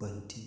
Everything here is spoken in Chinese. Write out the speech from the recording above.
稳定。